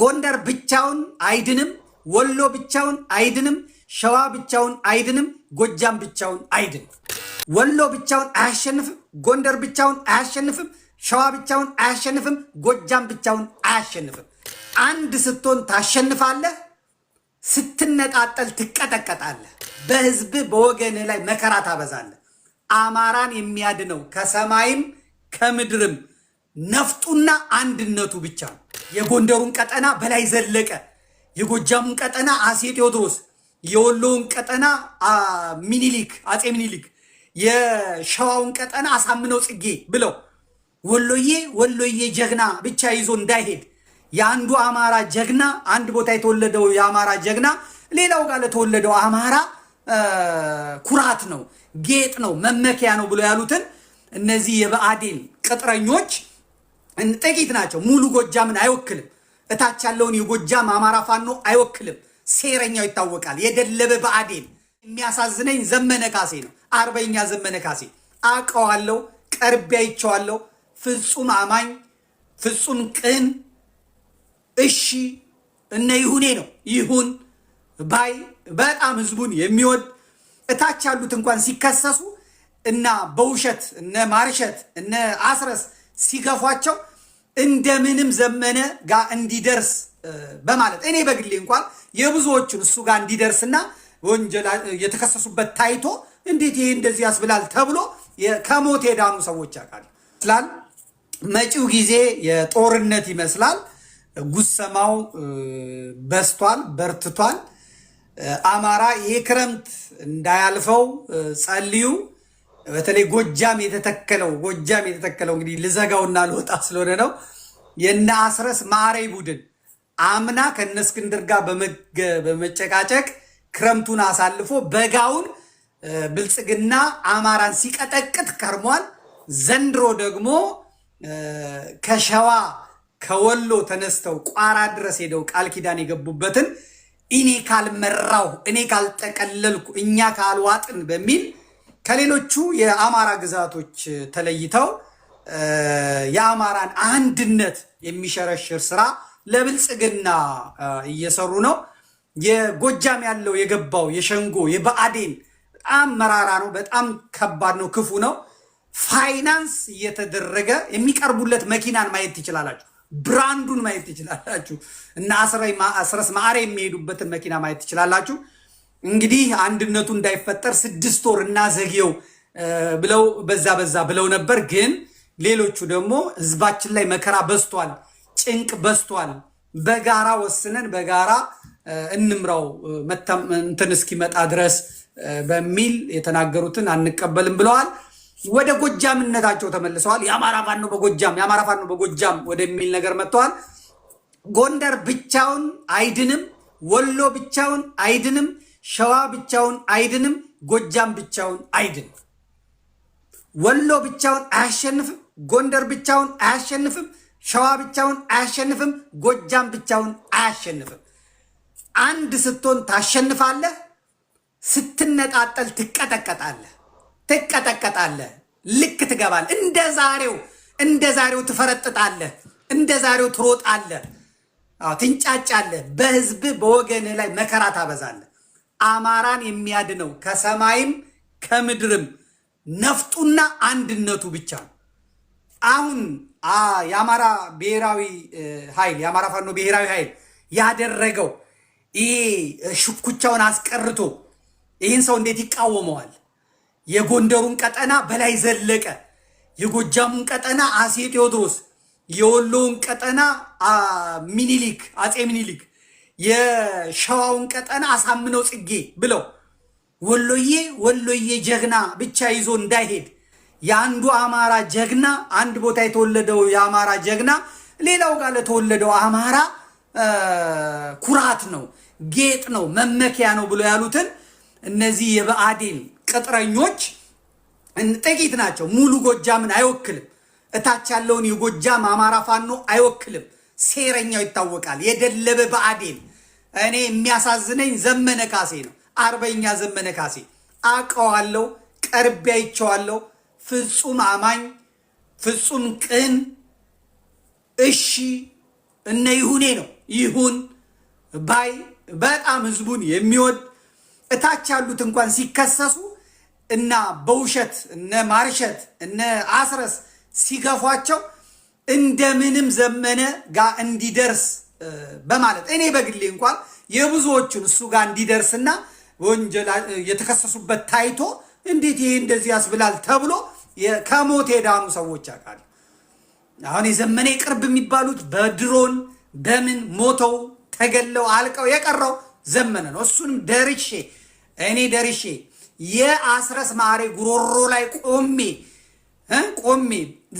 ጎንደር ብቻውን አይድንም፣ ወሎ ብቻውን አይድንም፣ ሸዋ ብቻውን አይድንም፣ ጎጃም ብቻውን አይድንም። ወሎ ብቻውን አያሸንፍም፣ ጎንደር ብቻውን አያሸንፍም፣ ሸዋ ብቻውን አያሸንፍም፣ ጎጃም ብቻውን አያሸንፍም። አንድ ስትሆን ታሸንፋለህ፣ ስትነጣጠል ትቀጠቀጣለህ፣ በህዝብ በወገን ላይ መከራ ታበዛለህ። አማራን የሚያድነው ከሰማይም ከምድርም ነፍጡና አንድነቱ ብቻ ነው። የጎንደሩን ቀጠና በላይ ዘለቀ፣ የጎጃሙን ቀጠና አጼ ቴዎድሮስ፣ የወሎውን ቀጠና ሚኒሊክ አጼ ሚኒሊክ፣ የሸዋውን ቀጠና አሳምነው ጽጌ ብለው ወሎዬ ወሎዬ ጀግና ብቻ ይዞ እንዳይሄድ የአንዱ አማራ ጀግና አንድ ቦታ የተወለደው የአማራ ጀግና ሌላው ጋር ለተወለደው አማራ ኩራት ነው፣ ጌጥ ነው፣ መመኪያ ነው ብሎ ያሉትን እነዚህ የብአዴን ቅጥረኞች ጥቂት ናቸው። ሙሉ ጎጃምን አይወክልም። እታች ያለውን የጎጃም አማራ ፋኖ አይወክልም። ሴረኛው ይታወቃል። የደለበ በአዴን የሚያሳዝነኝ ዘመነ ካሴ ነው። አርበኛ ዘመነ ካሴ አቀዋለሁ፣ ቀርቤ አይቼዋለሁ። ፍጹም አማኝ፣ ፍጹም ቅን እሺ እነ ይሁኔ ነው ይሁን ባይ በጣም ህዝቡን የሚወድ እታች ያሉት እንኳን ሲከሰሱ እና በውሸት እነ ማርሸት እነ አስረስ ሲገፏቸው እንደምንም ዘመነ ጋር እንዲደርስ በማለት እኔ በግሌ እንኳን የብዙዎቹን እሱ ጋር እንዲደርስና ወንጀል የተከሰሱበት ታይቶ እንዴት ይሄ እንደዚህ ያስብላል ተብሎ ከሞት የዳኑ ሰዎች ያውቃል ስላል መጪው ጊዜ የጦርነት ይመስላል። ጉሰማው በስቷል፣ በርትቷል። አማራ ይሄ ክረምት እንዳያልፈው ጸልዩ። በተለይ ጎጃም የተተከለው ጎጃም የተተከለው እንግዲህ ልዘጋውና ልወጣ ስለሆነ ነው። የነ አስረስ ማረይ ቡድን አምና ከነ እስክንድር ጋር በመጨቃጨቅ ክረምቱን አሳልፎ በጋውን ብልጽግና አማራን ሲቀጠቅጥ ከርሟል። ዘንድሮ ደግሞ ከሸዋ ከወሎ ተነስተው ቋራ ድረስ ሄደው ቃል ኪዳን የገቡበትን እኔ ካልመራሁ እኔ ካልጠቀለልኩ እኛ ካልዋጥን በሚል ከሌሎቹ የአማራ ግዛቶች ተለይተው የአማራን አንድነት የሚሸረሽር ስራ ለብልጽግና እየሰሩ ነው። የጎጃም ያለው የገባው የሸንጎ የበአዴን በጣም መራራ ነው። በጣም ከባድ ነው። ክፉ ነው። ፋይናንስ እየተደረገ የሚቀርቡለት መኪናን ማየት ትችላላችሁ። ብራንዱን ማየት ትችላላችሁ። እና አስረስ ማዕረ የሚሄዱበትን መኪና ማየት ትችላላችሁ። እንግዲህ አንድነቱ እንዳይፈጠር ስድስት ወር እናዘግየው ብለው በዛ በዛ ብለው ነበር። ግን ሌሎቹ ደግሞ ህዝባችን ላይ መከራ በዝቷል፣ ጭንቅ በዝቷል፣ በጋራ ወስነን በጋራ እንምራው እንትን እስኪመጣ ድረስ በሚል የተናገሩትን አንቀበልም ብለዋል። ወደ ጎጃምነታቸው ተመልሰዋል። የአማራ ፋኖ በጎጃም የአማራ ፋኖ በጎጃም ወደሚል ነገር መጥተዋል። ጎንደር ብቻውን አይድንም፣ ወሎ ብቻውን አይድንም ሸዋ ብቻውን አይድንም፣ ጎጃም ብቻውን አይድንም፣ ወሎ ብቻውን አያሸንፍም፣ ጎንደር ብቻውን አያሸንፍም፣ ሸዋ ብቻውን አያሸንፍም፣ ጎጃም ብቻውን አያሸንፍም። አንድ ስትሆን ታሸንፋለህ፣ ስትነጣጠል ትቀጠቀጣለህ፣ ትቀጠቀጣለህ፣ ልክ ትገባለህ። እንደ ዛሬው እንደ ዛሬው ትፈረጥጣለህ፣ እንደ ዛሬው ትሮጣለህ፣ ትንጫጫለህ፣ በህዝብ በወገንህ ላይ መከራ ታበዛለህ። አማራን የሚያድነው ከሰማይም ከምድርም ነፍጡና አንድነቱ ብቻ ነው። አሁን የአማራ ብሔራዊ ኃይል የአማራ ፋኖ ብሔራዊ ኃይል ያደረገው ይሄ ሽኩቻውን አስቀርቶ ይህን ሰው እንዴት ይቃወመዋል? የጎንደሩን ቀጠና በላይ ዘለቀ፣ የጎጃሙን ቀጠና አሴ ቴዎድሮስ፣ የወሎውን ቀጠና ሚኒሊክ አፄ ሚኒሊክ የሸዋውን ቀጠና አሳምነው ጽጌ ብለው ወሎዬ ወሎዬ ጀግና ብቻ ይዞ እንዳይሄድ የአንዱ አማራ ጀግና አንድ ቦታ የተወለደው የአማራ ጀግና ሌላው ጋር ለተወለደው አማራ ኩራት ነው፣ ጌጥ ነው፣ መመኪያ ነው ብሎ ያሉትን እነዚህ የብአዴን ቅጥረኞች ጥቂት ናቸው። ሙሉ ጎጃምን አይወክልም። እታች ያለውን የጎጃም አማራ ፋኖ አይወክልም። ሴረኛው ይታወቃል። የደለበ ብአዴን እኔ የሚያሳዝነኝ ዘመነ ካሴ ነው። አርበኛ ዘመነ ካሴ አውቀዋለሁ፣ ቀርቤ አይቼዋለሁ። ፍጹም አማኝ፣ ፍጹም ቅን። እሺ እነ ይሁኔ ነው ይሁን ባይ በጣም ህዝቡን የሚወድ እታች ያሉት እንኳን ሲከሰሱ እና በውሸት እነ ማርሸት እነ አስረስ ሲገፏቸው እንደምንም ዘመነ ጋር እንዲደርስ በማለት እኔ በግሌ እንኳን የብዙዎቹን እሱ ጋር እንዲደርስና ወንጀል የተከሰሱበት ታይቶ እንዴት ይሄ እንደዚህ ያስብላል ተብሎ ከሞት የዳኑ ሰዎች አውቃለሁ። አሁን የዘመኔ ቅርብ የሚባሉት በድሮን በምን ሞተው ተገለው አልቀው የቀረው ዘመነ ነው። እሱንም ደርሼ እኔ ደርሼ የአስረስ ማሬ ጉሮሮ ላይ ቆሜ ቆሜ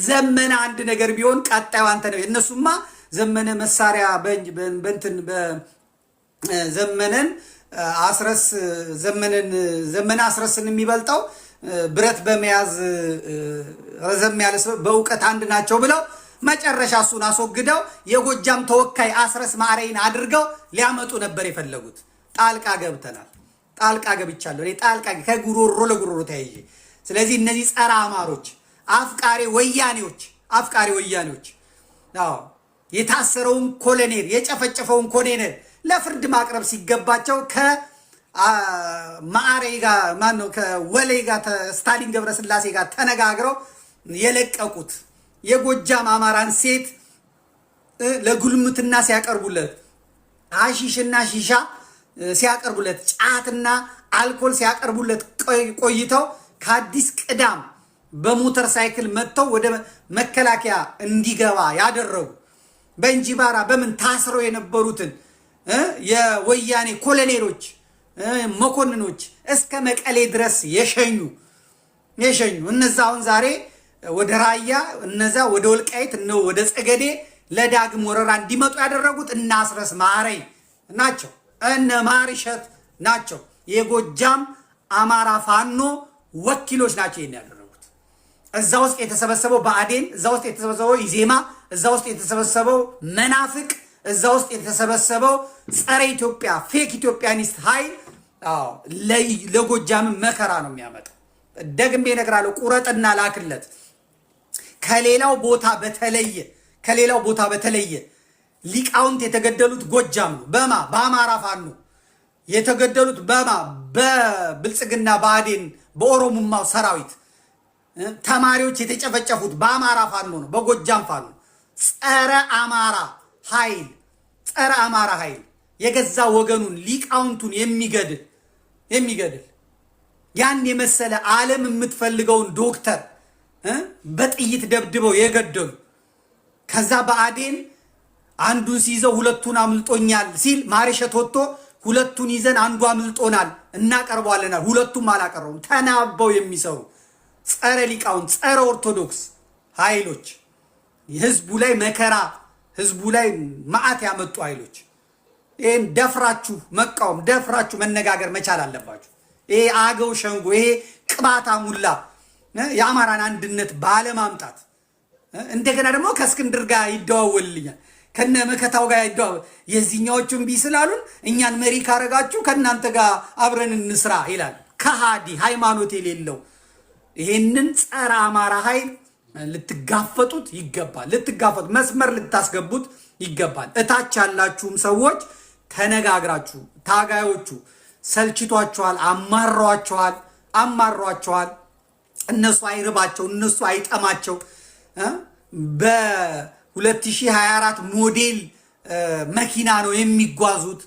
ዘመነ አንድ ነገር ቢሆን ቀጣዩ አንተ ነው። እነሱማ ዘመነ መሳሪያ በንትን ዘመነን አስረስ ዘመነን ዘመነ አስረስን የሚበልጠው ብረት በመያዝ ረዘም ያለ ሰው በእውቀት አንድ ናቸው ብለው መጨረሻ እሱን አስወግደው የጎጃም ተወካይ አስረስ ማረይን አድርገው ሊያመጡ ነበር የፈለጉት። ጣልቃ ገብተናል። ጣልቃ ገብቻለሁ። እኔ ጣልቃ ከጉሮሮ ለጉሮሮ ተያይዤ። ስለዚህ እነዚህ ጸረ አማሮች፣ አፍቃሪ ወያኔዎች፣ አፍቃሪ ወያኔዎች አዎ የታሰረውን ኮሎኔል የጨፈጨፈውን ኮሎኔል ለፍርድ ማቅረብ ሲገባቸው ከማዕረይ ጋር ነው ከወሌ ጋር ስታሊን ገብረስላሴ ጋር ተነጋግረው የለቀቁት የጎጃም አማራን ሴት ለጉልምትና ሲያቀርቡለት አሺሽና ሺሻ ሲያቀርቡለት ጫትና አልኮል ሲያቀርቡለት ቆይተው ከአዲስ ቅዳም በሞተር ሳይክል መጥተው ወደ መከላከያ እንዲገባ ያደረጉ በእንጂባራ በምን ታስረው የነበሩትን የወያኔ ኮሎኔሎች፣ መኮንኖች እስከ መቀሌ ድረስ የሸኙ የሸኙ እነዛ አሁን ዛሬ ወደ ራያ እነዛ ወደ ወልቃይት ወደ ጸገዴ ለዳግም ወረራ እንዲመጡ ያደረጉት እነ አስረስ ማረይ ናቸው። እነ ማርሸት ናቸው። የጎጃም አማራ ፋኖ ወኪሎች ናቸው ይሄን ያደረጉት። እዛ ውስጥ የተሰበሰበው በአዴን፣ እዛ ውስጥ የተሰበሰበው ኢዜማ፣ እዛ ውስጥ የተሰበሰበው መናፍቅ፣ እዛ ውስጥ የተሰበሰበው ጸረ ኢትዮጵያ ፌክ ኢትዮጵያኒስት ኃይል ለጎጃምን መከራ ነው የሚያመጣው። ደግሜ እነግራለሁ። ቁረጥና ላክለት። ከሌላው ቦታ በተለየ ከሌላው ቦታ በተለየ ሊቃውንት የተገደሉት ጎጃም ነው። በማ በአማራ ፋኖ የተገደሉት በማ በብልጽግና በአዴን በኦሮሙማው ሰራዊት ተማሪዎች የተጨፈጨፉት በአማራ ፋኖ ነው፣ በጎጃም ፋኖ ጸረ አማራ ኃይል ጸረ አማራ ኃይል የገዛ ወገኑን ሊቃውንቱን የሚገድል የሚገድል ያን የመሰለ ዓለም የምትፈልገውን ዶክተር በጥይት ደብድበው የገደሉ ከዛ በአዴን አንዱን ሲይዘው ሁለቱን አምልጦኛል ሲል ማሬሸት ወጥቶ ሁለቱን ይዘን አንዱ አምልጦናል እናቀርበዋለናል፣ ሁለቱም አላቀረቡም። ተናበው የሚሰሩ ጸረ ሊቃውንት፣ ጸረ ኦርቶዶክስ ኃይሎች ህዝቡ ላይ መከራ፣ ህዝቡ ላይ መዓት ያመጡ ኃይሎች ይህን ደፍራችሁ መቃወም ደፍራችሁ መነጋገር መቻል አለባችሁ። ይሄ አገው ሸንጎ፣ ይሄ ቅባታ ሙላ የአማራን አንድነት ባለማምጣት እንደገና ደግሞ ከእስክንድር ጋር ይደዋወልልኛል ከነ መከታው ጋር ይደዋ የዚህኛዎቹ ቢ ስላሉን እኛን መሪ ካረጋችሁ ከእናንተ ጋር አብረን እንስራ ይላል። ከሃዲ ሃይማኖት የሌለው ይሄንን ጸረ አማራ ኃይል ልትጋፈጡት ይገባል። ልትጋፈጡ መስመር ልታስገቡት ይገባል። እታች ያላችሁም ሰዎች ተነጋግራችሁ ታጋዮቹ ሰልችቷችኋል፣ አማሯችኋል፣ አማሯችኋል። እነሱ አይርባቸው፣ እነሱ አይጠማቸው። በ2024 ሞዴል መኪና ነው የሚጓዙት።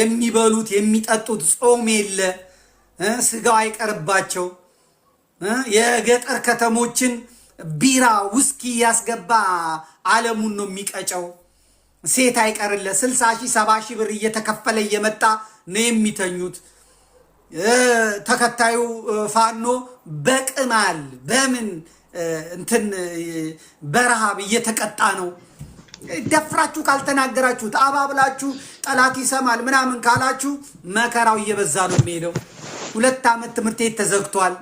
የሚበሉት የሚጠጡት ጾም የለ፣ ስጋው አይቀርባቸው። የገጠር ከተሞችን ቢራ ውስኪ ያስገባ አለሙን ነው የሚቀጨው። ሴት አይቀርለ ስልሳ ሺህ ሰባ ሺህ ብር እየተከፈለ እየመጣ ነው የሚተኙት። ተከታዩ ፋኖ በቅማል በምን እንትን በረሃብ እየተቀጣ ነው። ደፍራችሁ ካልተናገራችሁት አባብላችሁ ጠላት ይሰማል ምናምን ካላችሁ መከራው እየበዛ ነው የሚሄደው። ሁለት ዓመት ትምህርት ቤት ተዘግቷል።